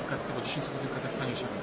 na przykład po 10 sekund w Kazachstanie siadło.